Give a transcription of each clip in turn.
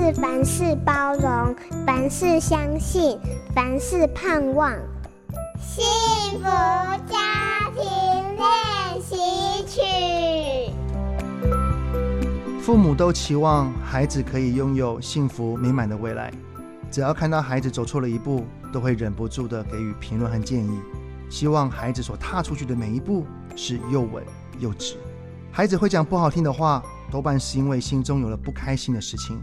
是凡事包容，凡事相信，凡事盼望。幸福家庭練習曲。父母都期望孩子可以擁有幸福美滿的未來。只要看到孩子走錯了一步，都會忍不住的給予評論和建議，希望孩子所踏出去的每一步是又穩又直。孩子會講不好聽的話，多半是因為心中有了不開心的事情。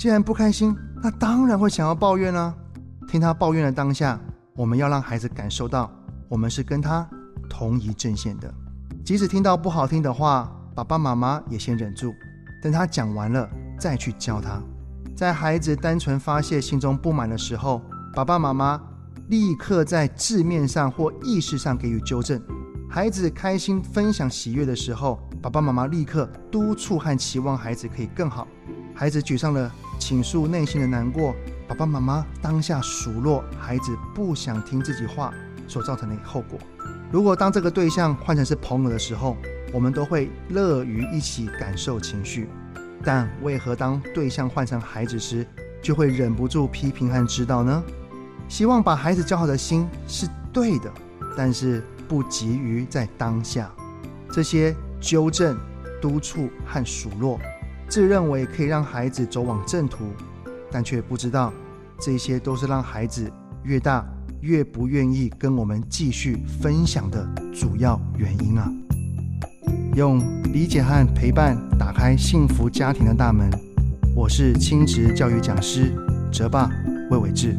既然不開心，那當然會想要抱怨啊。聽他抱怨的當下，我們要讓孩子感受到我們是跟他同一陣線的。即使聽到不好聽的話，爸爸媽媽也先忍住，等他講完了再去教他。在孩子單純發洩心中不滿的時候，爸爸媽媽立刻在字面上或意識上給予糾正。孩子開心分享喜悅的時候，爸爸媽媽立刻督促和期望孩子可以更好。孩子沮喪了，傾訴內心的難過。爸爸媽媽當下數落孩子，不想聽自己話所造成的後果。如果當這個對象換成是朋友的時候，我們都會樂於一起感受情緒。但為何當對象換成孩子時，就會忍不住批評和指導呢？希望把孩子教好的心是對的，但是不急於在當下這些糾正、督促和數落。自認為可以讓孩子走往正途，但卻不知道，這些都是讓孩子越大越不願意跟我們繼續分享的主要原因啊！用理解和陪伴打開幸福家庭的大門，我是親職教育講師澤爸魏瑋志。